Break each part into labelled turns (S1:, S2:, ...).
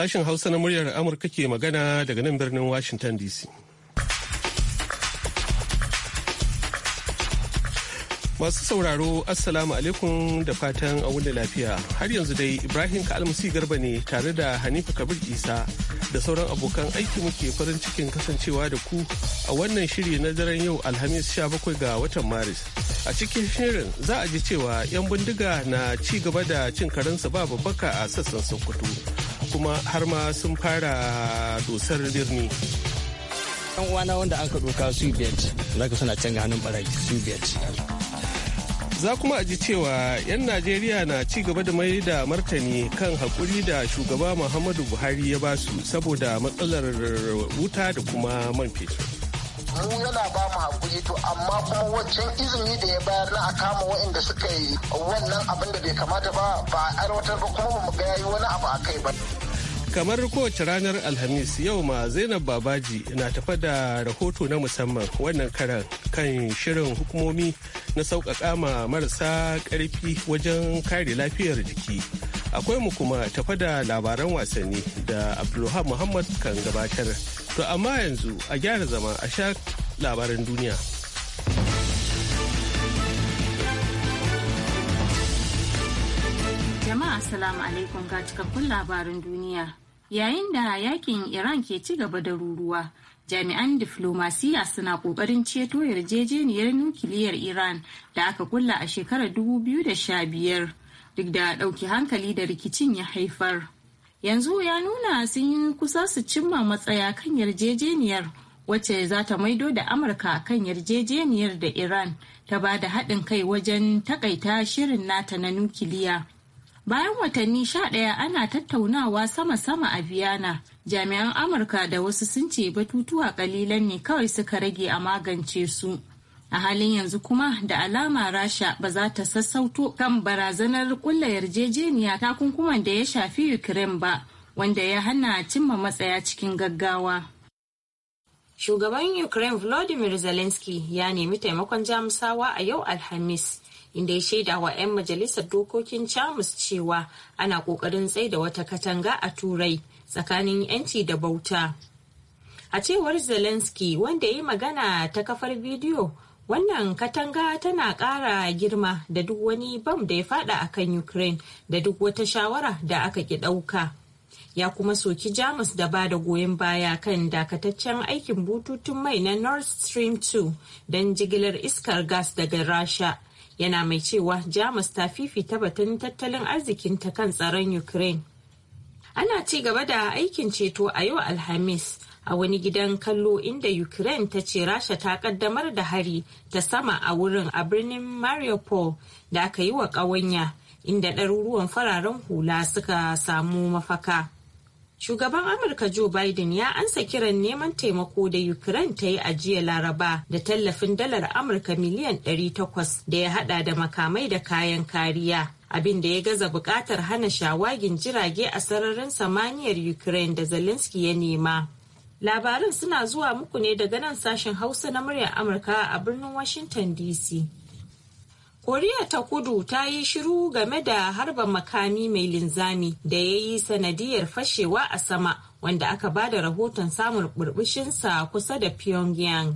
S1: Sashen Hausa na muryar Amurka ke magana daga nan birnin Washington DC. Masu sauraro Assalamu alaikum da fatan a wuni lafiya. Har yanzu dai Ibrahim ka'almasi Garba ne tare da Hanifa Kabir Isa da sauran abokan aiki muke farin cikin kasancewa da ku a wannan shiri na daren yau Alhamis 17 ga watan Maris. A cikin shirin za a ji cewa 'yan bindiga na ci gaba da cin karensa ba babbaka a sassan Sokoto. kuma har ma sun fara dosar birni. Yan uwana wanda an ka doka za ka suna can ga hannun barayi Za kuma a ji cewa 'yan Najeriya na ci gaba da mai da martani kan haƙuri da shugaba Muhammadu Buhari ya basu saboda matsalar wuta da kuma man fetur.
S2: mu yana ba mu hakuri to amma kuma waccan izini da ya bayar na a kama waɗanda suka yi wannan abin da bai kamata ba ba a aiwatar ba kuma ba mu ga yayi wani abu a kai ba.
S1: Kamar kowace ranar Alhamis yau ma Zainab Babaji na tafa da rahoto na musamman wannan karan kan shirin hukumomi na sauƙaƙa ma marasa ƙarfi wajen kare lafiyar jiki. Akwai mu kuma tafa da labaran wasanni da Abdulluhan Muhammad kan gabatar. To amma yanzu a gyara zama a sha labaran duniya.
S3: Jama'a asalamu alaikum ga cikakkun labarin duniya yayin da yakin iran ke ci gaba da ruruwa jami'an diflomasiya suna kokarin ceto yarjejeniyar nukiliyar iran da aka kulla a shekarar 2015 duk da ɗauki hankali da rikicin ya haifar yanzu ya nuna sun yi kusa su cimma matsaya kan yarjejeniyar wacce za ta maido da amurka kan yarjejeniyar da iran ta ba da haɗin kai wajen takaita shirin nata na nukiliya Bayan watanni sha ɗaya ana tattaunawa sama-sama a Vienna, jami'an Amurka da wasu sun ce batutuwa kalilan ne kawai suka rage a magance su. A halin yanzu kuma da alama Rasha ba za ta sassauto kan barazanar kulla yarjejeniya takunkuman da ya shafi Ukraine ba, wanda ya hana cimma matsaya cikin gaggawa. Shugaban Ukraine vladimir Zelensky ya nemi taimakon Jamusawa a yau Alhamis. inda ya shaida wa 'yan majalisar dokokin Chamus cewa ana kokarin tsaida wata katanga a Turai tsakanin 'yanci da bauta. A cewar Zelensky wanda ya yi magana ta kafar bidiyo wannan katanga tana ƙara girma da duk wani bam da ya fada a kan Ukraine da duk wata shawara da aka ki ɗauka. Ya kuma soki Jamus da ba da goyon baya kan dakataccen aikin bututun mai na Nord Stream 2 don jigilar iskar gas daga Rasha. yana mai cewa jamus ta fifita batun tattalin arzikinta kan tsaron ukraine ana ci gaba da aikin ceto a yau alhamis a wani gidan kallo inda ukraine ta ce rasha ta kaddamar da hari ta sama a wurin a birnin mariupol da aka yi wa ƙawanya inda ɗaruruwan fararen hula suka samu mafaka shugaban amurka joe biden ya ansa kiran neman taimako da ukraine ta yi a jiya laraba da tallafin dalar amurka miliyan 800 da ya hada da makamai da kayan kariya abin da ya gaza bukatar hana shawagin jirage a sararin samaniyar ukraine da zelensky ya nema Labarin suna zuwa muku ne daga nan sashen hausa na muryar amurka a birnin washington dc koriya ta kudu ta yi shiru game da harba makami mai linzami da ya yi sanadiyar fashewa a sama wanda aka ba da rahoton samun burbushinsa kusa da pyongyang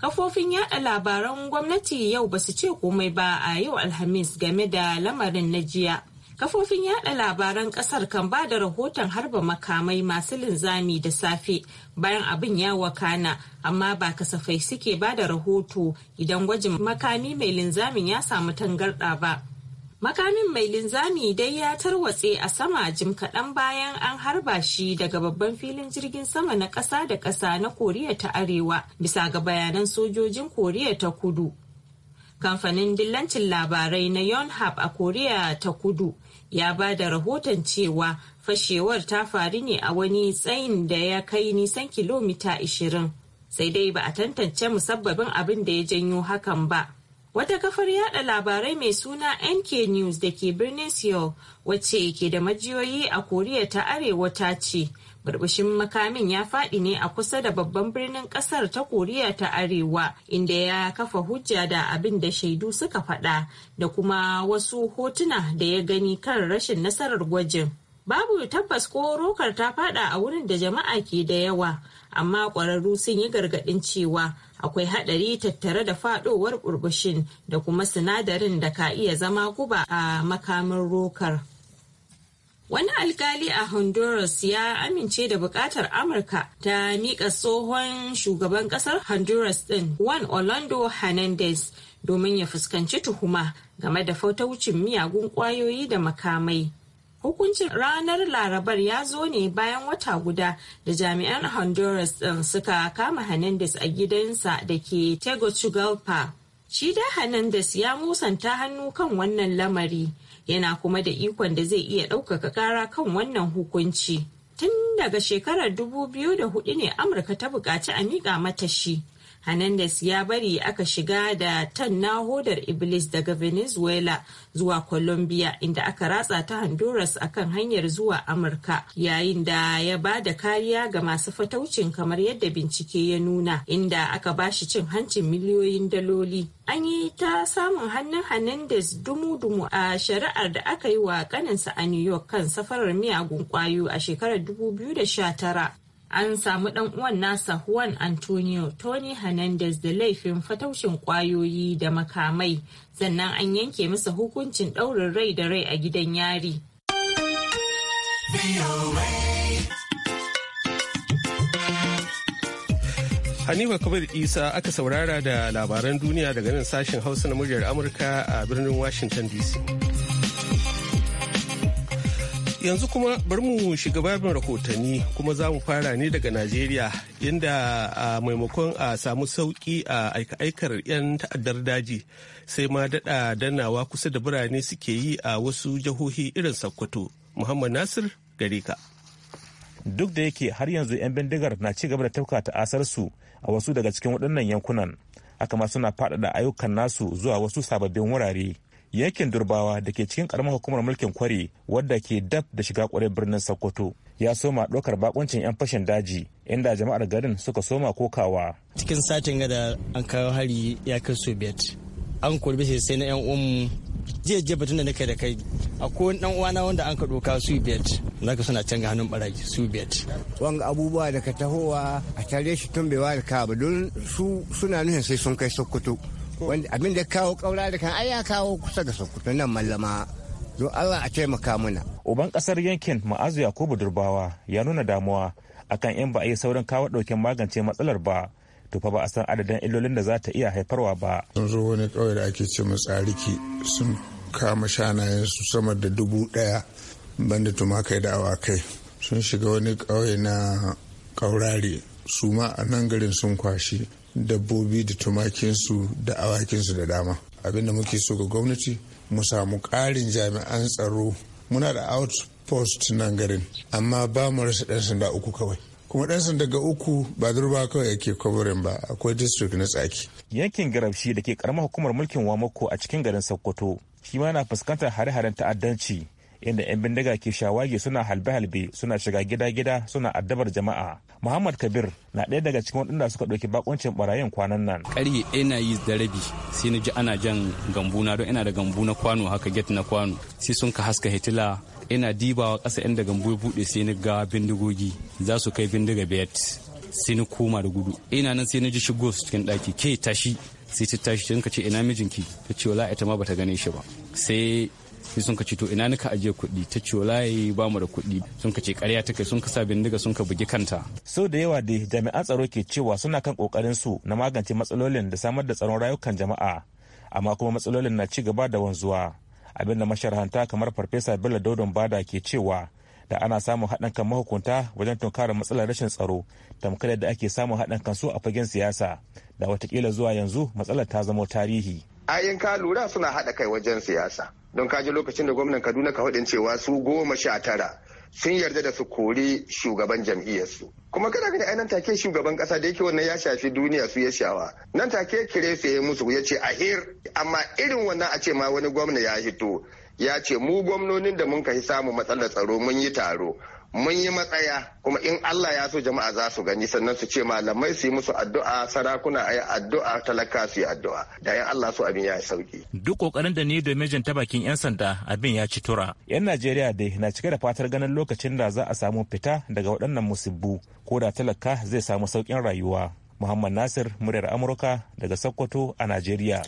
S3: kafofin yada labaran gwamnati yau ba su ce komai ba a yau alhamis game da lamarin na jiya Kafofin yada labaran kasar kan ba da rahoton harba makamai masu linzami da safe bayan abin ya wakana amma ba kasafai suke ba da rahoto idan gwajin makami mai linzamin ya samu tangarda ba. Makamin mai linzami dai ya tarwatse a sama jim kaɗan bayan an harba shi daga babban filin jirgin sama na ƙasa da ƙasa na Koriya ta Arewa bisa ga bayanan sojojin Koriya ta Kudu. Kamfanin dillancin labarai na Yonhap a Koriya ta Kudu ya ba da rahoton cewa fashewar ta faru ne a wani tsayin da ya kai nisan kilomita 20 sai dai ba a tantance musabbabin abin da ya janyo hakan ba wata kafar yada labarai mai suna nk news da ke birnin seoul wacce ke da majiyoyi a koriya ta arewa ta ce burbushin makamin ya faɗi ne a kusa da babban birnin ƙasar ta koriya ta arewa inda ya kafa hujja da abin da shaidu suka faɗa da kuma wasu hotuna da ya gani kan rashin nasarar gwajin babu tabbas ko rokar ta faɗa a wurin da jama'a ke da yawa amma ƙwararru sun yi gargaɗin cewa akwai haɗari tattare da faɗowar burbushin da kuma sinadarin da ka iya zama guba a makamin rokar Wani alkali a Honduras ya amince da bukatar Amurka ta miƙa tsohon shugaban ƙasar Honduras ɗin Juan Orlando Hernandez domin ya fuskanci tuhuma game da fautaucin miyagun ƙwayoyi da makamai. Hukuncin ranar Larabar ya zo ne bayan wata guda da jami'an Honduras ɗin suka kama Hernandez a gidansa da ke Tegucigalpa. Shi da Hernandez ya musanta hannu kan wannan lamari. yana kuma da ikon da zai iya ɗaukaka ƙara kan wannan hukunci. Tun daga shekarar 2004 ne Amurka ta buƙaci a miƙa mata shi Hernandez ya bari aka shiga da tan nahodar Iblis daga Venezuela zuwa Colombia inda aka ratsa ta Honduras akan hanyar zuwa Amurka yayin da ya ba da kariya ga masu fataucin kamar yadda bincike ya nuna inda aka ba shi cin hancin miliyoyin daloli. An yi ta samun hannun Hernandez dumu-dumu a shari'ar da aka yi wa kaninsa a New York kan safarar miyagun kwayo a shekarar 2019. an samu dan uwan nasa Juan Antonio Tony Hernandez da laifin fataushin kwayoyi da makamai sannan an yanke masa hukuncin ɗaurin rai da rai a gidan yari.
S1: Hanifa Kabir Isa aka saurara da labaran duniya daga nan sashen Hausa na muryar Amurka a birnin Washington DC. yanzu kuma bari mu shiga babin rahotanni kuma za mu fara ne daga najeriya inda a maimakon a samu sauki a aika-aikar 'yan ta'addar daji sai ma daɗa danawa kusa da birane suke yi a wasu jihohi irin sokoto muhammad
S4: nasir gare ka duk da yake har yanzu 'yan bindigar na ci gaba da tafka ta'asarsu a wasu daga cikin waɗannan yankunan haka ma suna faɗaɗa ayyukan nasu zuwa wasu sababbin wurare yankin durbawa da ke cikin karamar hukumar mulkin kwari wadda ke dab da shiga kwarai birnin sokoto ya soma ɗaukar bakuncin 'yan fashin daji inda jama'ar garin suka soma kokawa
S1: cikin satin gada an kawo hari ya kai soviet an kurbi sai na 'yan umu jiya jiya batun da nake da kai akwai dan uwana wanda an ka doka soviet ka suna canza hannun barayi soviet
S5: wanga abubuwa da ka tahowa a tare shi tumbewa da ka ba don su suna nuhin sai sun kai sokoto wanda abin da kawo kaura da kan ai kawo kusa da sokoto nan mallama zo Allah a taimaka muna uban kasar
S4: yankin ma'azu yakubu durbawa ya nuna damuwa akan 'yan ba a yi saurin kawo daukin magance matsalar ba to fa ba a san adadin illolin da za ta iya haifarwa ba
S6: sun zo wani kauye da ake ce tsariki sun kama shanayen su sama da dubu daya banda tumakai da awakai sun shiga wani kauye na kaurare su ma a nan garin sun kwashi dabbobi da tumakinsu da awakinsu da dama abinda muke so ga gwamnati mu samu karin jami'an tsaro muna da outpost nan garin amma ba mu rasa ɗan sanda uku kawai kuma ɗan sanda ga uku ba durba
S4: kawai yake kwabarin ba akwai district na tsaki yankin garabshi da ke karamar hukumar mulkin wamako a cikin garin sokoto shi ma na fuskantar hare-haren ta'addanci inda 'yan bindiga ke shawagi suna halbe-halbe suna shiga gida-gida suna addabar jama'a muhammad kabir na ɗaya daga cikin waɗanda suka ɗauki bakuncin barayin kwanan nan ƙarye ina yi da rabi sai na ji ana jan gambu na don ina da gambu na kwano haka get na kwano sai sun ka haska hitila ina dibawa ƙasa inda gambu ya buɗe sai na ga bindigogi za su kai bindiga bet sai na koma da gudu ina nan sai na ji shigo su cikin ɗaki ke tashi sai ta tashi ta ce ina mijinki ta ce wala ita ma bata gane shi ba sai sai sun ka ce to ina nika ajiye kuɗi ta ce wallahi ba mu da kuɗi sun ka ce ƙarya ta kai sun ka sa bindiga sun ka bugi kanta sau da yawa dai jami'an tsaro ke cewa suna kan kokarin su na magance matsalolin da samar da tsaron rayukan jama'a amma kuma matsalolin na ci gaba da wanzuwa abin da masharhanta kamar farfesa bello dodon bada ke cewa da ana samun haɗin kan mahukunta wajen tunkarar matsalar rashin tsaro tamkar da ake samun haɗin kan su a fagen siyasa da watakila zuwa yanzu matsalar ta zama tarihi
S2: ayin ka lura suna haɗa kai wajen siyasa don kaji lokacin da gwamnan kaduna ka hudin cewa su goma sha tara sun yarda da su kori shugaban jam'iyyarsu kuma kada ka ai nan take shugaban kasa da yake wannan ya shafi duniya su ya shawa nan take kire su ya musu ya ce ahir amma irin wannan a ce ma wani gwamna ya hito ya ce mu gwamnonin da mun kai samu matsalar tsaro mun yi taro mun yi matsaya kuma in Allah ya so jama'a za su gani sannan su ce malamai su yi musu addu'a sarakuna a yi addu'a talaka su yi addu'a da yan Allah so abin ya yi sauki.
S4: Duk kokarin da ni domin jin ta bakin yan sanda abin ya ci tura. Yan Najeriya dai na cike da fatar ganin lokacin da za a samu fita daga waɗannan musibbu ko da talaka zai samu saukin rayuwa. Muhammad Nasir, muryar Amurka daga Sokoto a Najeriya.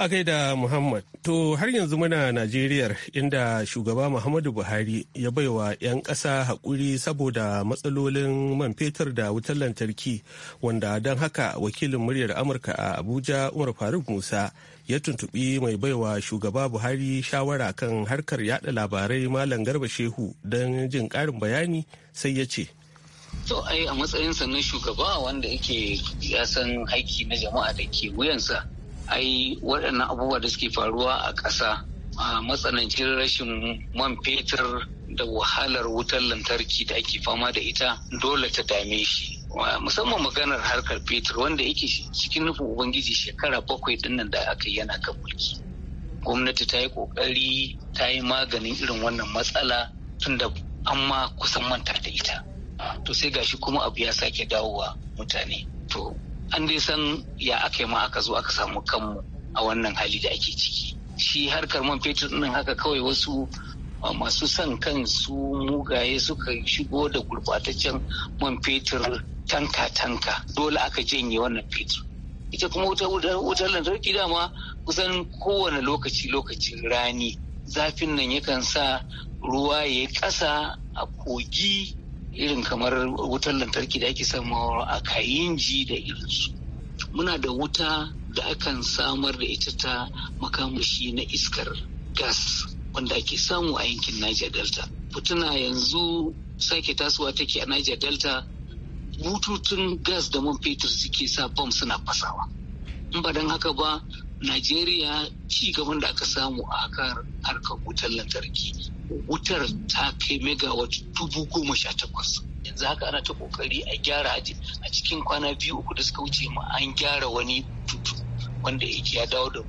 S1: A gaida Muhammad, to har yanzu muna Najeriya inda shugaba Muhammadu Buhari ya baiwa 'yan ƙasa haƙuri saboda matsalolin man fetur da wutar lantarki wanda don haka wakilin muryar Amurka a Abuja Umar Faruk Musa ya tuntuɓi mai baiwa shugaba Buhari shawara kan harkar yada labarai Malam Garba Shehu don jin ƙarin bayani sai ya ce.
S7: To ai a matsayinsa na shugaba wanda yake ya san aiki na jama'a da ke wuyansa. ai waɗannan abubuwa da suke faruwa a ƙasa a matsanancin rashin man fetur da wahalar wutar lantarki da ake fama da ita dole ta dame shi musamman maganar harkar fetur wanda yake cikin nufin ubangiji shekara bakwai dinnan da aka yana kan mulki gwamnati ta yi kokari ta yi maganin irin wannan matsala tunda an ma kusan manta da ita to sai gashi kuma abu ya sake dawowa mutane to an dai san ya aka yi ma aka zo aka samu kanmu a wannan hali da ake ciki shi harkar man fetur ɗin haka kawai wasu ah, masu son su mugaye suka shigo da gurbataccen man fetur tanka-tanka dole aka janye wannan fetur ita kuma wutar lantarki dama kusan kowane lokaci lokacin rani zafin nan yakan sa ruwa ya yi ƙasa a kogi irin kamar wutar lantarki da ake samawa a kayinji da irinsu muna da wuta da akan samar da ita ta makamashi na iskar gas wanda ake samu a yankin niger delta fituna yanzu sake tasowa take a niger delta bututun gas da man fetur suke sa bom suna fasawa in ba don haka ba najeriya ci gaban da aka samu a kan harkar wutar lantarki wutar ta kai megawatt dubu goma sha takwas yanzu haka ana ta kokari a gyara a cikin kwana biyu uku da suka wuce ma an gyara wani tutu wanda yake ya dawo da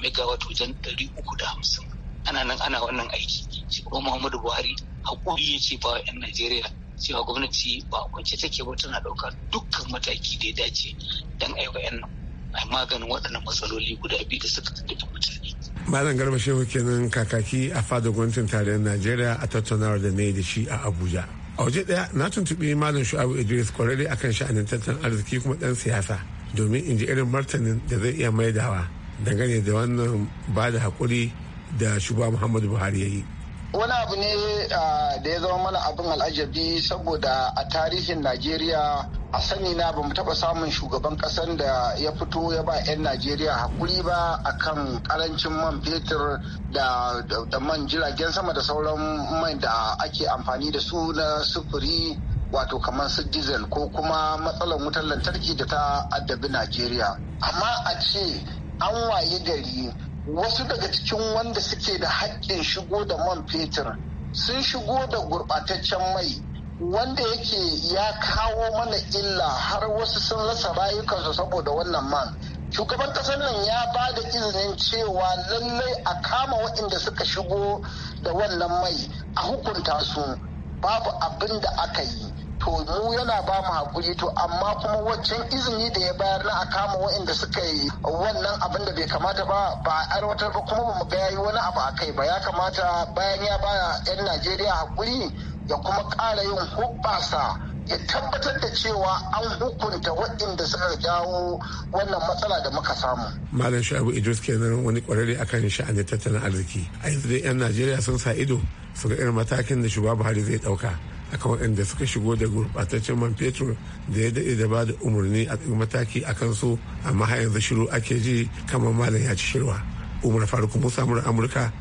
S7: megawatt wajen ɗari uku da hamsin ana nan ana wannan aiki shugaban muhammadu buhari hakuri ya ce ba wa 'yan najeriya cewa gwamnati ba kwance take ba tana ɗaukar dukkan mataki da ya dace don aiwa 'yan nan maganin waɗannan matsaloli guda biyu da suka tattaɓa mutane.
S1: Malam Garba Shehu kenan kakaki a fada gwamnatin tarayyar Najeriya a tattaunawar da na yi da shi a Abuja. A waje ɗaya na tuntuɓi Malam Shu'abu Idris kwararre akan sha'anin tattalin arziki kuma ɗan siyasa domin in ji irin martanin da zai iya maidawa dangane da wannan ba da haƙuri da shugaba Muhammadu Buhari ya yi.
S2: wani abu ne da ya zama mana abin al'ajabi saboda a tarihin najeriya a sani na ba mu taɓa samun shugaban ƙasan da ya fito ya ba 'yan najeriya hakuri ba akan karancin man fetur da man jiragen sama da sauran mai da ake amfani da su na sufuri wato kamar su diesel ko kuma matsalar wutar lantarki da ta addabi najeriya amma a ce an waye gari wasu daga cikin wanda suke da haƙƙin shigo da man fetur sun shigo da gurɓataccen mai wanda yake ya kawo mana illa har wasu sun rasa rayukansu saboda wannan man shugaban ƙasar nan ya ba da izinin cewa lallai a kama waɗanda suka shigo da wannan mai a hukunta su babu abin da aka yi to mu yana ba mu hakuri to amma kuma waccan izini da ya bayar na a kama waɗanda suka yi wannan abin da bai kamata ba ba a aiwatar ba kuma ba mu ga yi wani abu a kai ba ya kamata bayan ya baya 'yan Najeriya hakuri ya kuma ƙara yin hubbasa ya tabbatar da cewa an hukunta waɗanda suka jawo wannan matsala da muka samu.
S1: Malam Shabu Idris kenan wani kwararre akan sha'anin tattalin arziki. A yanzu dai 'yan Najeriya sun sa ido su ga irin matakin da shugaba Buhari zai ɗauka akan waɗanda suka shigo da gurɓataccen man fetur da ya daɗe da ba da umarni a mataki a su amma har yanzu shiru ake ji kamar malam ya ci shirwa umar faruk musa mura amurka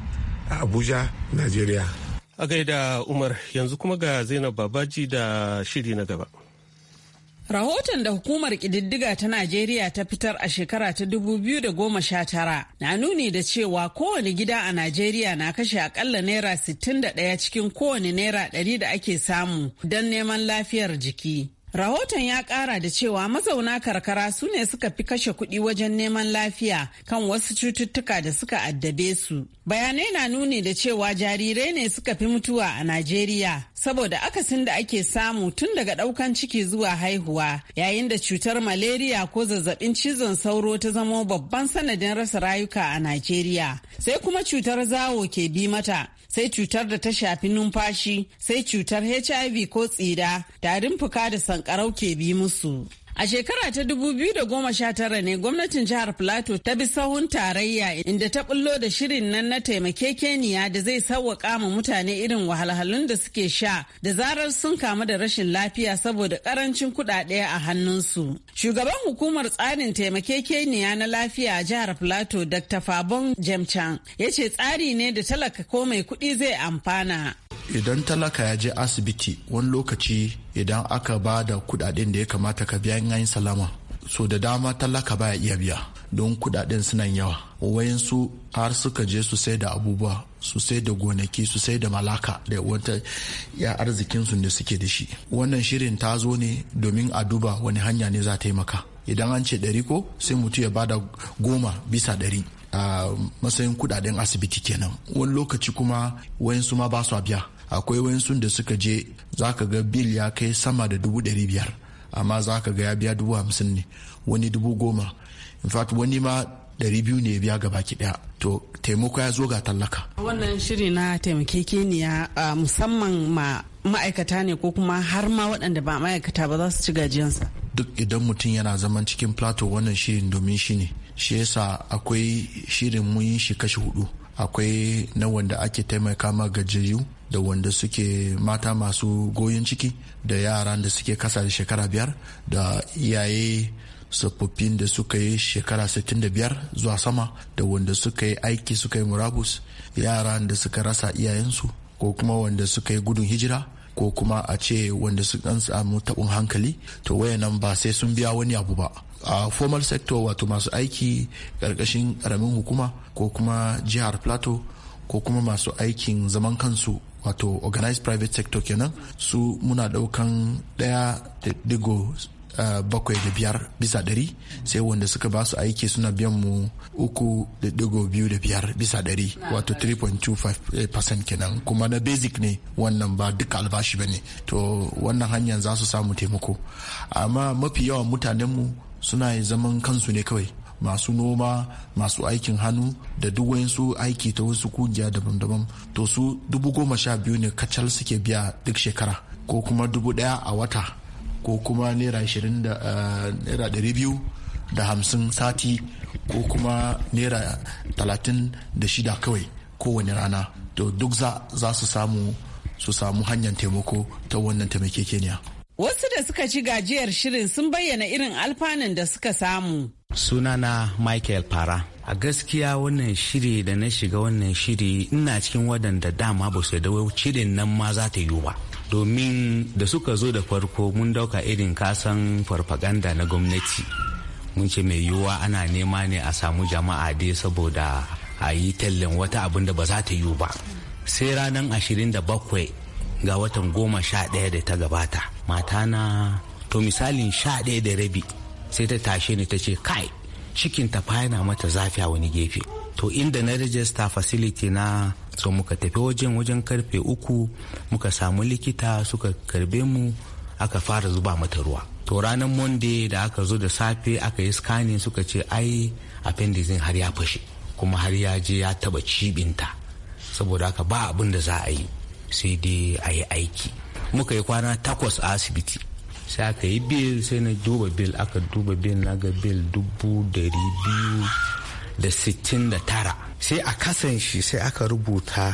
S1: a abuja najeriya a gaida umar yanzu kuma ga zainab babaji da shiri na gaba
S8: Rahoton da hukumar ƙididdiga ta Najeriya ta fitar a shekara ta 2019 na nuni da cewa kowane gida a Najeriya na kashe akalla naira 61 cikin kowane naira 100 da ake samu don neman lafiyar jiki. Rahoton ya kara da cewa mazauna karkara su ne suka fi kashe kuɗi wajen neman lafiya kan wasu cututtuka da suka addabe su. Bayanai na nuni da cewa jarirai ne suka fi mutuwa a Najeriya saboda akasin da ake samu tun daga ɗaukan ciki zuwa haihuwa yayin da cutar malaria ko zazzabin cizon sauro ta zamo babban sanadin rasa rayuka a Najeriya. Sai kuma cutar zawo ke bi mata sai cutar da ta shafi numfashi sai cutar hiv ko tsira tarin fuka da sankarau ke bi musu A shekara ta 2019 ne gwamnatin jihar Plateau ta bi sahun tarayya inda ta bullo da shirin nan na taimakekeniya da zai sauwaƙa ma mutane irin wahalhalun da suke sha da zarar sun kamu da rashin lafiya saboda ƙarancin kuɗaɗe a hannunsu. Shugaban hukumar tsarin taimakekeniya na lafiya a jihar Plateau Dr. Fabon Jemchan ya ce tsari ne da talaka ko mai kuɗi zai amfana.
S9: idan talaka ya je asibiti wani lokaci idan aka ba da kudaden da ya kamata ka biya in salama so da dama talaka baya iya biya don kudaden suna yawa wayansu har suka je su sai da abubuwa su sai da gonaki su sai da malaka da wata ya arzikinsu da suke da shi wannan shirin ta zo ne domin a duba wani hanya ne za ta yi maka? idan an ce ɗari ko sai mutum ya bada goma bisa ɗari a matsayin kudaden asibiti kenan wani lokaci kuma wayansu ma ba su biya akwai wayansu da suka je za ka ga bil ya kai sama da dubu ɗari biyar amma za ka ga ya biya dubu hamsin ne wani dubu goma in fact wani ma ɗari biyu ne ya biya gaba ɗaya to taimako ya zo ga tallaka
S8: wannan shiri na taimakekeniya musamman ma ma'aikata ne ko kuma har ma waɗanda ba ma'aikata ba za su ci gajiyansa
S9: duk idan mutum yana zaman cikin plato wannan shirin domin shi ne shi yasa akwai shirin mun shi kashi hudu akwai na wanda ake taimaka ma gajiyayyu da wanda suke mata masu goyon ciki da yaran da suke kasa da shekara biyar da iyaye tsofaffin da suka yi shekara 65 zuwa sama da wanda suka yi aiki suka yi murabus yaran da suka rasa iyayensu ko kuma wanda suka yi gudun hijira ko kuma a ce wanda su dan samu tabin hankali to wayannan ba sai sun biya wani abu ba a formal sector wato masu aiki karkashin karamin hukuma ko kuma jihar plateau ko kuma masu aikin zaman kansu wato organized private sector kenan su muna daukan daya digo bakwai da biyar bisa dari sai wanda suka ba su aiki suna biyan mu uku da biyu da biyar bisa dari wato 3.25% kenan kuma na basic ne wannan ba duka albashi ba ne to wannan hanyar za su samu taimako amma mafi yawan mutanenmu suna zaman kansu ne kawai masu noma masu aikin hannu da duk wayansu aiki ta wasu kungiya daban-daban to su dubu goma sha biyu ne kacal suke biya duk shekara ko kuma dubu daya a wata ko kuma naira ashirin da eh, ɗari biyu da hamsin sati ko kuma naira talatin da shida kawai kowane rana to duk za su samu su samu hanyar
S10: taimako ta wannan taimakekeniya.
S8: Wasu da suka ci gajiyar shirin sun bayyana irin alfanun da suka samu.
S10: Sunana Michael para A gaskiya wannan shiri da na shiga wannan shiri ina cikin wadanda dama ba su da shirin nan ma za ta yiwu ba. domin da suka zo da farko mun dauka irin kasan farfaganda na gwamnati mun ce mai yiwuwa ana nema ne a samu jama'a dai saboda a yi tallan wata abin da ba za ta yiwu ba sai ranar 27 ga watan goma sha ɗaya da ta gabata Mata na. to misalin sha ɗaya da rabi sai ta tashe ni ta ce kai cikin ta fayana mata zafi a wani gefe to inda na register facility na so muka tafi wajen wajen karfe uku muka samu likita suka karbe mu aka fara zuba mata ruwa to ranar monday da aka zo da safe aka yi scanning suka ce ai appendicin har ya fashe kuma har ya je ya taba cibinta saboda haka ba abin da za a yi sai dai a yi aiki muka yi kwana takwas a asibiti sai aka yi bil sai na duba bil aka duba bil na ga bil dubu dari biyu da sittin da tara sai a kasan shi sai aka rubuta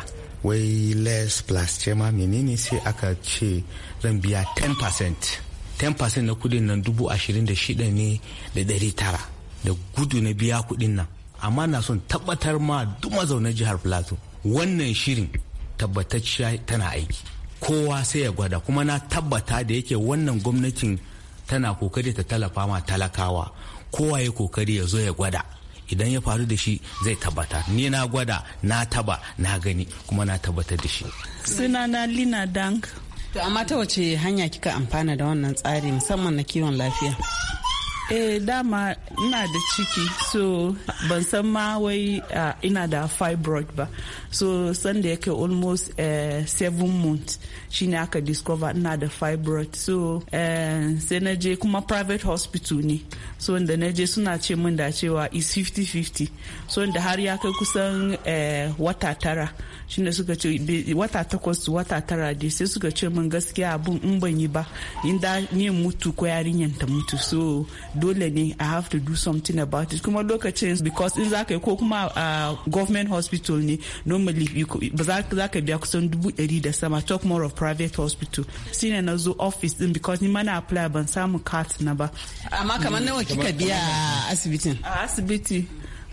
S10: wai less plus ce ma menene sai aka ce zan biya 10% 10% na kudin nan dubu ashirin da shida ne da dari tara da gudu na biya kudin nan amma na son tabbatar ma duk mazaunar jihar plateau wannan shirin tabbatacciya tana aiki kowa sai ya gwada kuma na tabbata da yake wannan gwamnatin tana kokari ta talafa ma talakawa kowa ya kokari ya zo ya gwada idan ya faru da shi zai tabbata ni na gwada na taba na gani kuma na tabbatar da shi
S11: sunana lina dank
S8: to amma ta wace hanya kika amfana da wannan tsari musamman na kiwon lafiya
S11: eh dama ina da ciki so ban san ma wai ina da fibroid ba so sanda yake almost uh, seven months shine aka discover ina da fibroid so uh, sai na je kuma private hospital ne so wanda na je suna ce min da cewa is 50-50 so wanda har ya kai kusan eh, wata tara shine suka ce wata takwas wata tara dai sai suka ce min gaskiya abin in ban yi ba inda mutu ko yarinyan ta mutu so dole ne i have to do something about it kuma lokacin because in zaka yi ko kuma a uh, government hospital ne normally za ka biya kusan dubu ɗari da sama talk more of private hospital shine na zo office din because ni mana apply ban samu card na ba amma kamar nawa kika biya a asibitin a asibiti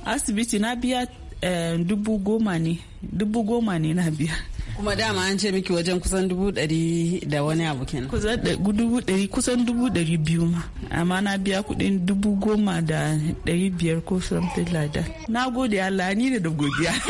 S11: asibiti na biya eh, dubu goma ne dubu goma ne na biya
S8: kuma dama an ce miki wajen kusan dubu
S11: dari da wani abu kenan kusan dubu dari kusan dubu dari biyu ma amma na biya kuɗin dubu goma da dari biyar ko something like that na gode Allah ni da godiya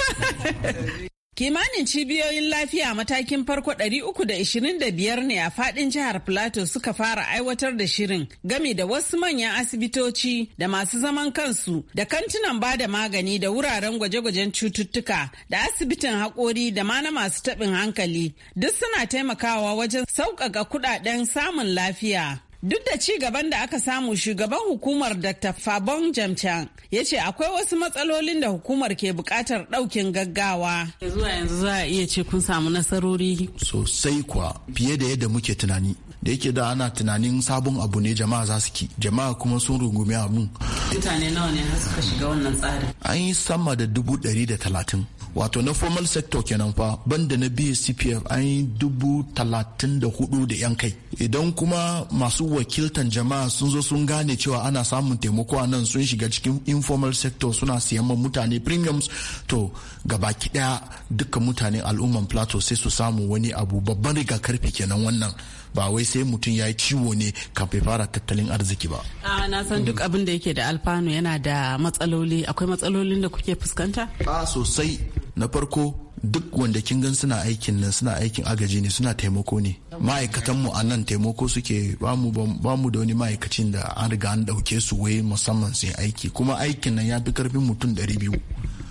S8: Kimanin cibiyoyin lafiya matakin farko 325 ne a fadin jihar Plateau suka fara aiwatar da shirin gami da wasu manyan asibitoci da masu zaman kansu da kantinan ba da magani da wuraren gwaje-gwajen cututtuka da asibitin haƙori da ma na masu taɓin hankali duk suna taimakawa wajen sauƙaƙa kuɗaɗen samun lafiya. Duk da ci gaban da aka samu shugaban hukumar Dr. Fabon Jamchan ya ce akwai wasu matsalolin da hukumar ke bukatar daukin gaggawa. Zuwa yanzu za a iya ce kun samu nasarori.
S9: Sosai kuwa fiye da yadda muke tunani. Da yake da ana tunanin sabon abu ne jama'a za su ki. Jama'a kuma sun rungumi abun.
S8: Mutane nawa ne har suka shiga wannan tsarin?
S9: An yi sama da dubu ɗari da talatin. Wato na formal sector kenan fa banda na BCPF an yi dubu talatin da hudu da yan kai. idan kuma masu wakiltan jama'a sun zo sun gane cewa ana samun taimako a nan sun shiga cikin informal sector suna siyan mutane premiums to gabaki daya dukkan mutane al'umman plateau sai su samu wani abu babban rigakarfi kenan wannan ba wai sai mutum ya yi ciwo ne kafin fara tattalin arziki ba.
S8: A na san duk abin da yake da alfanu yana da matsaloli akwai matsalolin da kuke fuskanta? A
S9: sosai na farko duk wanda kin gan suna aikin nan suna aikin agaji ne suna taimako ne ma'aikatan mu a nan taimako suke ba mu da wani ma'aikacin da an riga an dauke su wai musamman sai aiki kuma aikin nan ya fi karfin mutum biyu.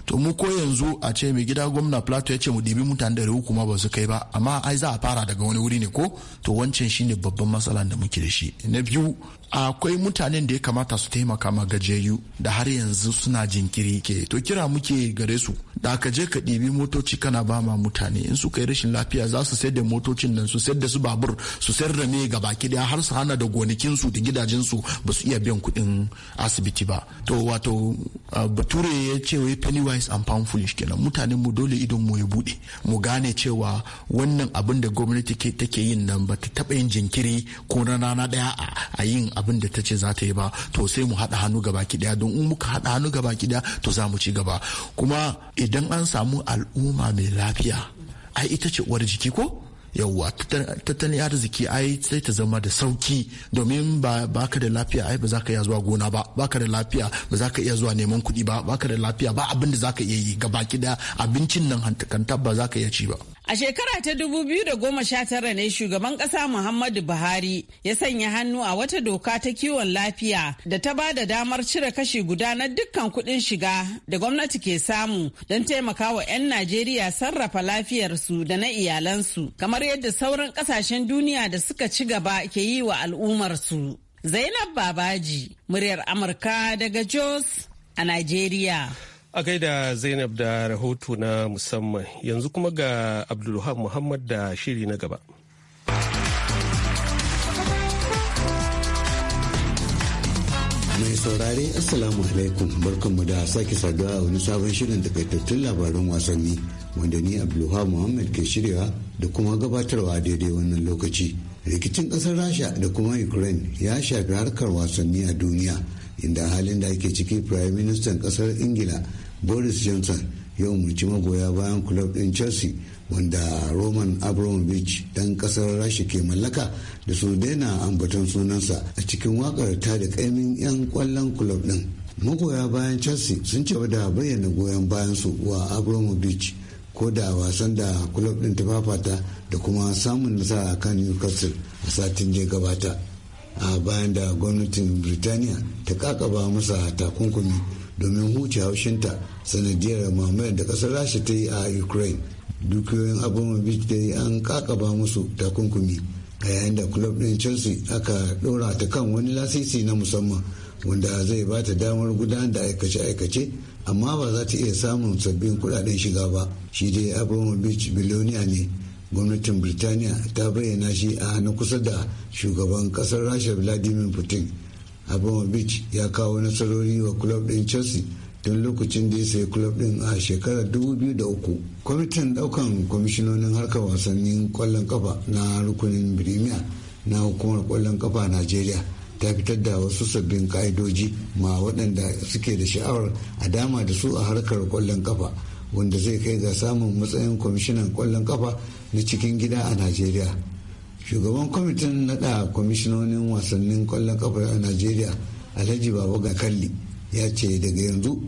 S9: to mu ko yanzu a ce mai gida gwamna plato ya ce mu ɗibi mutane ɗari uku ma ba su kai ba amma ai za a fara daga wani wuri ne ko to wancan shine babban matsala da muke da shi na biyu akwai mutanen da ya kamata su taimaka ma gajiyayyu da har yanzu suna jinkiri ke to kira muke gare su da aka je ka ɗibi motoci kana ba ma mutane in suka yi rashin lafiya za su sayar da motocin nan su sayar da su babur su sayar da me baki daya har su hana da gonakin su da gidajensu ba su iya biyan kuɗin asibiti ba to wato bature ya ce wai pennywise and pound foolish kenan mutanen mu dole idon mu ya bude mu gane cewa wannan abin da gwamnati ke take yin nan ba ta taba yin jinkiri ko na rana ɗaya a yin abin da ta ce za ta yi ba to sai mu haɗa hannu gaba ɗaya don in muka haɗa hannu gaba ɗaya to za mu ci gaba kuma idan an samu al'umma mai lafiya ai ita ce uwar jiki ko yauwa tattalin arziki ai sai ta zama da sauki domin ba ka da lafiya ai ba za ka iya zuwa gona ba ba ka da lafiya ba za ka iya zuwa neman kuɗi ba ba ka da lafiya ba abin da za ka iya yi ga baki abincin nan hantakanta ba za ka iya ci ba
S8: A shekara ta 2019 ne shugaban ƙasa Muhammadu Buhari ya sanya hannu a wata doka ta kiwon lafiya da ta ba da damar cire kashi guda na dukkan kuɗin shiga da gwamnati ke samu don taimaka wa 'yan Najeriya sarrafa lafiyarsu da na iyalansu kamar yadda sauran ƙasashen duniya da suka ci gaba ke yi wa al'ummarsu. Zainab Babaji, muryar Amurka daga Jos a Najeriya.
S1: A gaida Zainab da rahoto na musamman yanzu kuma ga Abdulluhan Muhammad da shiri na gaba.
S5: mai saurare assalamu alaikum barkanmu da sake saduwa a wani sabon shirin takaitattun labaran wasanni wanda ni abdulhamu muhammad ke shirya da kuma gabatarwa daidai wannan lokaci rikicin kasar rasha da kuma ukraine ya shafi harkar wasanni a duniya inda halin da ake ciki prime minister kasar ingila boris johnson ya umarci magoya bayan club din chelsea wanda roman abramovich dan kasar rasha ke mallaka da su daina ambaton sunansa a cikin wakar ta da kaimin yan kwallon club din magoya bayan chelsea sun ce da bayyana goyon bayan su wa abramovich ko da wasan da club din ta fafata da kuma samun nasara kan newcastle a satin da gabata a bayan da gwamnatin birtaniya ta kakaba masa takunkumi domin huce haushinta sanadiyar mamayar da kasar rasha ta yi a ukraine dukiyoyin abubuwan da dai an kakaba musu takunkumi a yayin da club din chelsea aka dora ta kan wani lasisi na musamman wanda zai ba ta damar gudanar da aikace-aikace amma ba za ta iya samun sabbin kudaden shiga ba shi dai beach biloniya ne gwamnatin birtaniya ta bayyana shi a na kusa da shugaban kasar rasha vladimir putin abramovich ya kawo nasarori wa kulob din chelsea don lokacin da ya sayi kulob din a shekarar 2003 kwamitin daukan kwamishinonin harkar wasannin kwallon kafa na rukunin birimiya na hukumar kwallon kafa najeriya ta fitar da wasu sabbin ka'idoji ma waɗanda suke da sha'awar a dama da su a harkar kwallon kafa wanda zai kai ga samun matsayin kwamishinan kwallon kafa na cikin gida a najeriya shugaban kwamitin naɗa kwamishinonin wasannin kwallon ƙafa a najeriya alhaji baba gakalli ya ce daga yanzu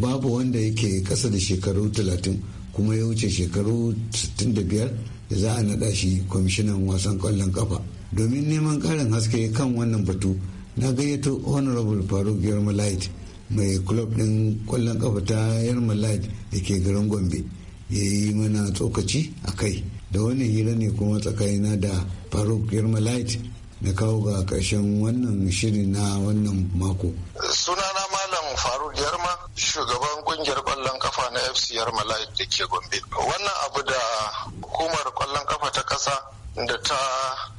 S5: babu wanda yake kasa da shekaru 30 kuma ya wuce shekaru 65 da za a nada shi kwamishinan wasan kwallon ƙafa domin neman ƙarin haske kan wannan batu na gayyato honorable faruk yarmalite mai club din kwallon ƙafa ta yarmalite da ke garin gombe ya yi mana tsokaci a kai da wani hira ne kuma tsakanina da faruk light na kawo ga ƙarshen wannan shirin na wannan mako
S6: sunana malam faruk yarma shugaban kungiyar kwallon kafa na fc yarma light da ke gombe wannan abu da hukumar kwallon kafa ta ƙasa da ta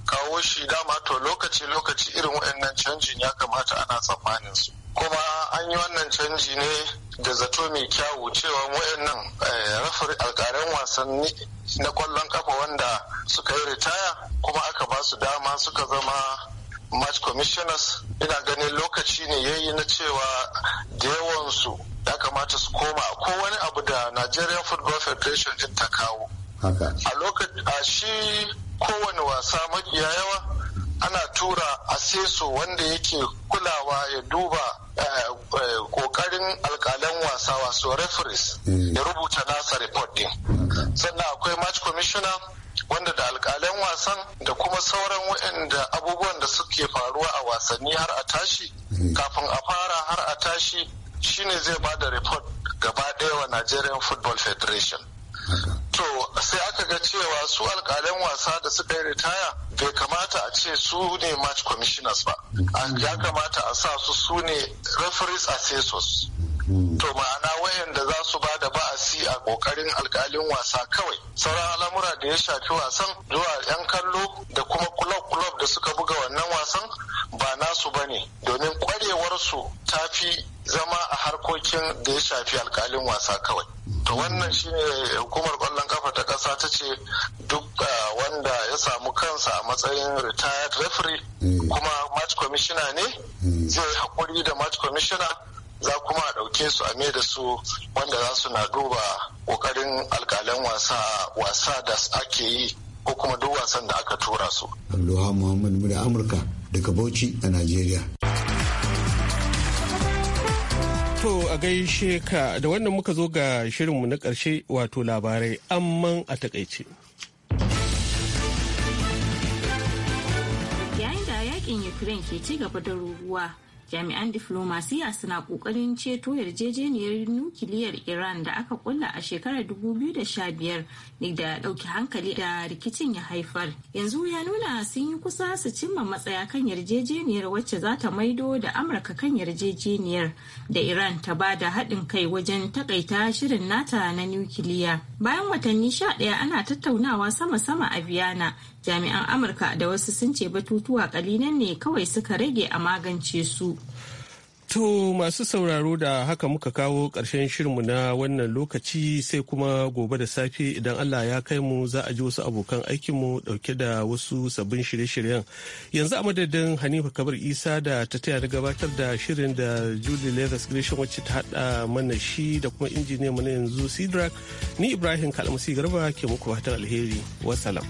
S6: kawo shi dama to lokaci-lokaci irin waɗannan canjin ya kamata ana tsammanin su kuma an yi wannan canji ne da zato mai kyawu cewa wayannan eh, rafari alkaren wasanni na kwallon kafa wanda suka yi ritaya kuma aka ba su dama suka zama match commissioners ina ganin lokaci ne yayi na cewa da yawansu ya kamata su koma ko wani abu da nigerian football federation ta kawo a lokaci a shi kowane wasa makiya yawa ana tura aseso wanda yake kulawa ya duba eh, eh, kokarin alkalan wasa wasu referees mm. ya rubuta nasa report din sannan akwai match commissioner wanda da alkalan wasan da kuma sauran waɗanda abubuwan da suke faruwa a wasanni har a tashi mm. kafin a fara har a tashi shine zai ba da report gaba ɗaya wa nigerian football federation to sai aka ga cewa su alkalan wasa da suka yi ritaya bai kamata a ce su ne match commissioners ba mm-hmm. ya kamata a sa su su ne referees assessors mm-hmm. to ma'ana wayanda za su ba da ba'asi a kokarin alkalin wasa kawai sauran al'amura da ya shafi wasan zuwa 'yan kallo da kuma club club da suka buga wannan wasan ba nasu ba ne domin kwarewarsu ta fi zama a harkokin da ya shafi alkalin wasa kawai to wannan shi ne hukumar kwallon kafa ta ƙasa ta ce duk wanda ya samu kansa a matsayin retired referee mm. kuma match commissioner ne mm. zai haƙuri da match commissioner za kuma a ɗauke su a da su wanda za su na duba ƙoƙarin alkalin wasa wasa da ake yi ko kuma duk wasan da aka tura
S5: su. Allah Muhammadu Amurka. daga Bauchi a Najeriya.
S1: To a gaishe ka da wannan muka zo ga shirinmu na ƙarshe wato labarai amman a takaice.
S3: Yayin da yakin Ukraine ke ci gaba da ruruwa jami'an diflomasiya suna kokarin ceto yarjejeniyar nukiliyar iran da aka kulla a shekarar 2015 ne da dauki hankali da rikicin ya haifar yanzu ya nuna sun yi kusa su cimma matsaya kan yarjejeniyar wacce za ta maido da amurka kan yarjejeniyar da iran ta ba da haɗin kai wajen takaita shirin nata na nukiliya bayan watanni sha ɗaya ana tattaunawa sama-sama a Viana. jami'an amurka da wasu sun ce batutuwa kalilan ne kawai suka rage a magance su
S1: To masu sauraro da haka muka kawo ƙarshen shirinmu na wannan lokaci sai kuma gobe da safe idan Allah ya kai mu za a ji wasu abokan aikinmu ɗauke da wasu sabbin shirye-shiryen. Yanzu a madadin Hanifa Kabar Isa da ta taya da gabatar da shirin da Julie Leathers Gresham wacce ta haɗa mana shi da kuma mu na yanzu Sidrak, ni Ibrahim Kalmasi Garba ke muku fatan alheri. Wasalam.